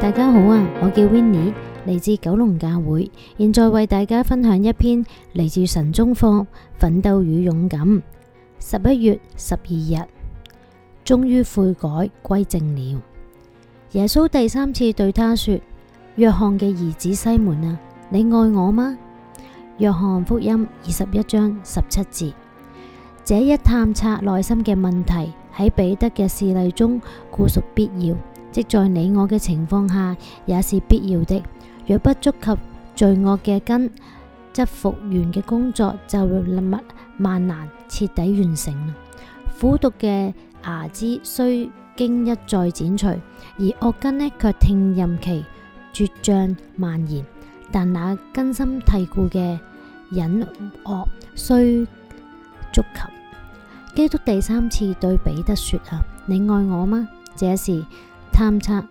大家好啊，我叫 Winnie，嚟自九龍教會，現在為大家分享一篇嚟自神中課《奮鬥與勇敢》。十一月十二日，終於悔改歸正了。耶穌第三次對他說：約翰嘅兒子西門啊，你愛我嗎？約翰福音二十一章十七節。這一探測內心嘅問題喺彼得嘅事例中固屬必要。即在你我嘅情況下，也是必要的。若不觸及罪惡嘅根，則復原嘅工作就會萬難徹底完成。苦毒嘅牙枝雖經一再剪除，而惡根呢卻聽任其茁壯蔓延。但那根深蒂固嘅隱惡需觸及。基督第三次對彼得説：啊，你愛我嗎？這時，探測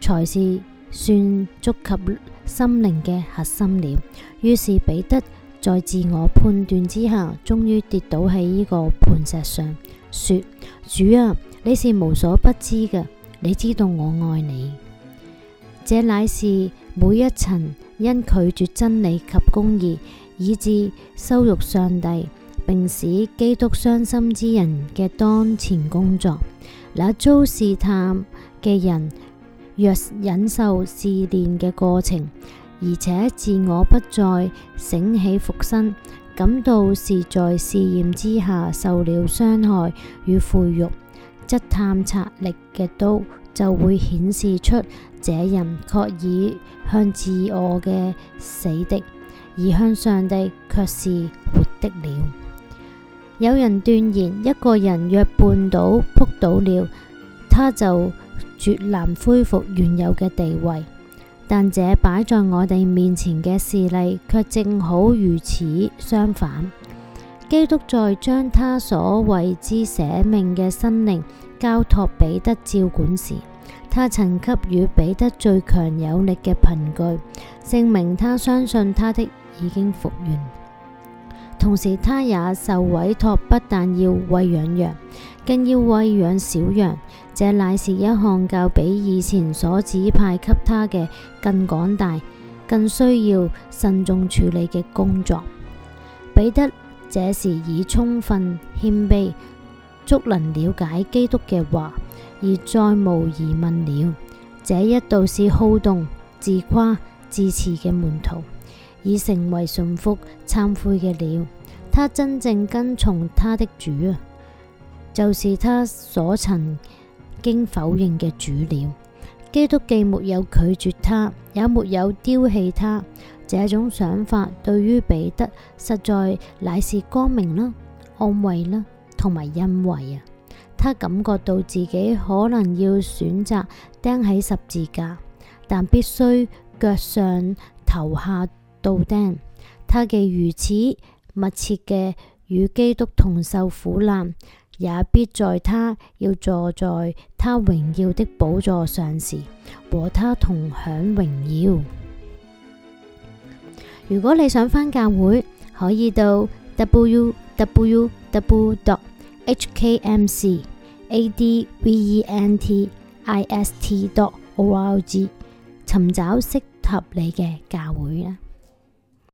才是算觸及心靈嘅核心點。於是彼得在自我判斷之下，終於跌倒喺呢個磐石上，說：主啊，你是無所不知嘅，你知道我愛你。這乃是每一層因拒絕真理及公義，以致羞辱上帝，並使基督傷心之人嘅當前工作。那遭試探。嘅人若忍受試煉嘅過程，而且自我不再醒起復身，感到是在試驗之下受了傷害與侮辱，則探測力嘅刀就會顯示出，這人確已向自我嘅死的，而向上帝卻是活的了。有人斷言，一個人若絆倒撲倒了，他就。絕難恢復原有嘅地位，但這擺在我哋面前嘅事例卻正好如此相反。基督在將他所為之捨命嘅生靈交託彼得照管時，他曾給予彼得最強有力嘅憑據，證明他相信他的已經復原。同時，他也受委託，不但要餵養羊。更要餵養小羊，這乃是一項較比以前所指派給他嘅更廣大、更需要慎重處理嘅工作。彼得這時已充分謙卑，足能了解基督嘅話，而再無疑問了。這一度是好動、自誇、自恃嘅門徒，已成為順服、懺悔嘅了。他真正跟從他的主啊！就是他所曾經否認嘅主了。基督既沒有拒絕他，也沒有丟棄他，這種想法對於彼得實在乃是光明啦、安慰啦，同埋恩慰啊。他感覺到自己可能要選擇釘喺十字架，但必須腳上頭下倒釘。他既如此密切嘅與基督同受苦難。也必在他要坐在他榮耀的寶座上時，和他同享榮耀。如果你想返教會，可以到 w w w dot h k m c a d v e n t i s t dot o r g 尋找適合你嘅教會啊。